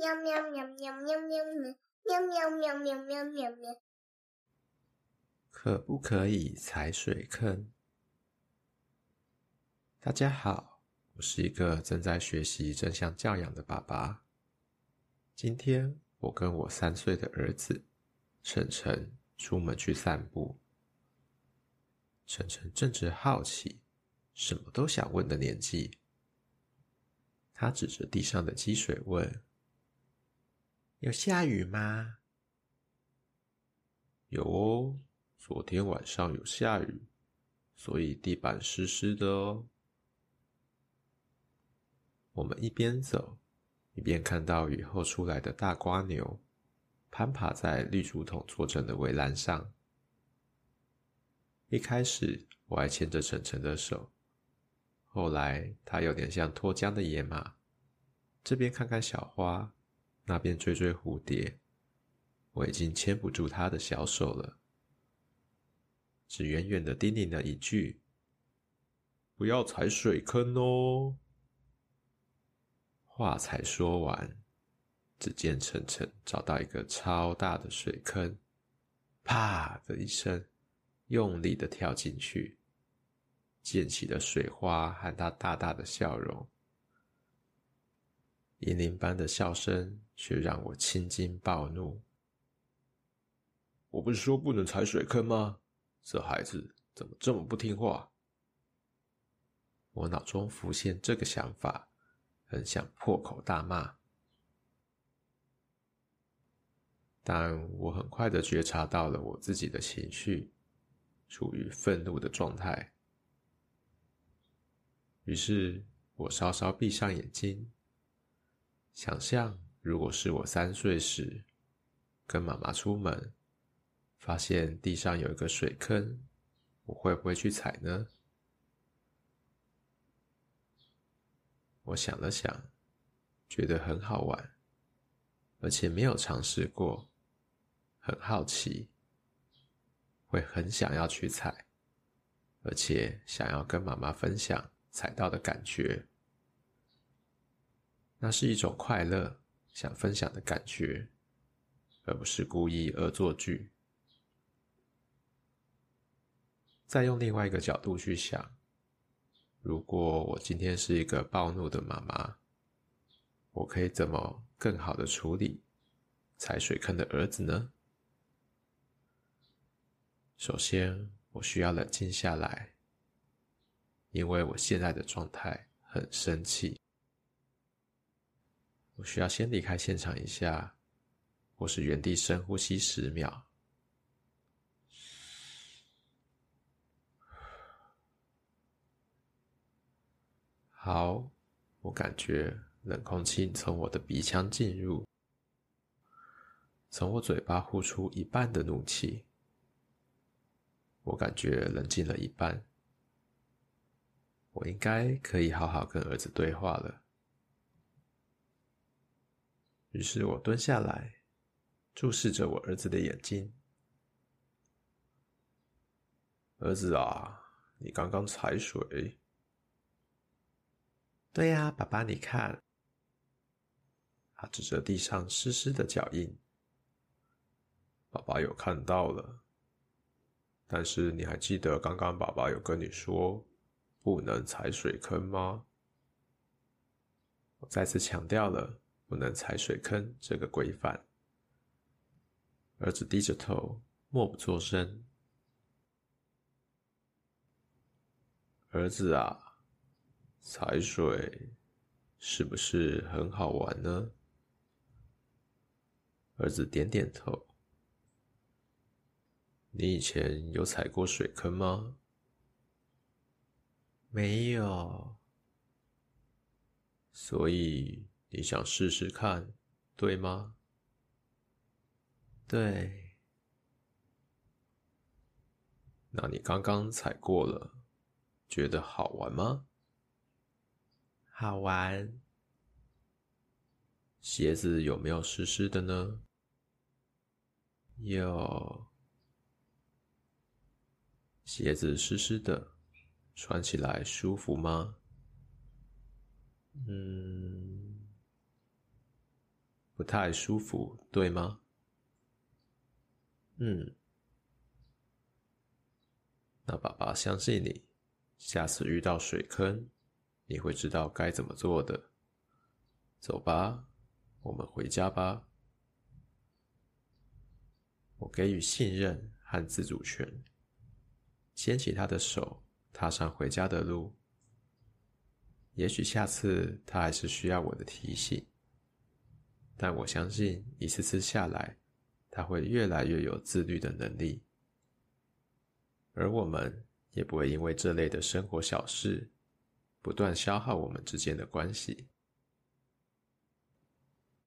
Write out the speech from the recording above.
喵喵喵喵喵喵喵喵喵喵喵喵喵。可不可以踩水坑？大家好，我是一個正在學習正向教養的爸爸。今天我跟我三歲的兒子晨晨出門去散步。晨晨正值好奇、什麼都想問的年紀，他指着地上的積水問。有下雨嗎？有哦，昨天晚上有下雨，所以地板濕濕的哦。我們一邊走，一邊看到雨後出來的大蝸牛，攀爬在綠竹筒做成的圍欄上。一開始我還牽着晨晨的手，後來他有點像脫韁的野馬，這邊看看小花。那邊追追蝴蝶，我已經牽不住他的小手了，只遠遠的叮嚀了一句：“不要踩水坑哦。”話才說完，只見晨晨找到一個超大的水坑，啪的一聲，用力的跳進去，濺起的水花，和他大大的笑容。銀鈴般的笑聲卻讓我青筋暴怒。我不是說不能踩水坑嗎？這孩子怎麼這麼不聽話？我腦中浮現這個想法，很想破口大罵，但我很快的覺察到了我自己的情緒，處於憤怒的狀態，於是我稍稍閉上眼睛。想象如果是我三歲時跟媽媽出門，發現地上有一個水坑，我會不會去踩呢？我想了想，覺得很好玩，而且沒有嘗試過，很好奇，會很想要去踩，而且想要跟媽媽分享踩到的感覺。那是一種快樂，想分享的感覺，而不是故意惡作劇。再用另外一個角度去想，如果我今天是一個暴怒的媽媽，我可以怎麼更好的處理踩水坑的兒子呢？首先，我需要冷靜下來，因為我現在的狀態很生氣。我需要先離開現場一下，或是原地深呼吸十秒。好，我感覺冷空氣從我的鼻腔進入，從我嘴巴呼出一半的怒氣，我感覺冷靜了一半。我應該可以好好跟兒子對話了。於是我蹲下來，注視着我兒子的眼睛。兒子啊，你剛剛踩水。對呀、啊，爸爸，你看。他指着地上濕濕的腳印。爸爸有看到了，但是你還記得剛剛爸爸有跟你說不能踩水坑嗎？我再次強調了。不能踩水坑這個規範。兒子低着頭，默不作聲。兒子啊，踩水是不是很好玩呢？兒子點點頭。你以前有踩過水坑嗎？沒有。所以。你想試試看，對嗎？對。那你剛剛踩過了，覺得好玩嗎？好玩。鞋子有沒有濕濕的呢？有。鞋子濕濕的，穿起來舒服嗎？嗯。太舒服，對嗎？嗯，那爸爸相信你，下次遇到水坑，你會知道該怎麼做的。走吧，我們回家吧。我給予信任和自主權，牽起他的手，踏上回家的路。也許下次他還是需要我的提醒。但我相信，一次次下來，他會越來越有自律的能力，而我們也不會因為這類的生活小事，不斷消耗我們之間的關係。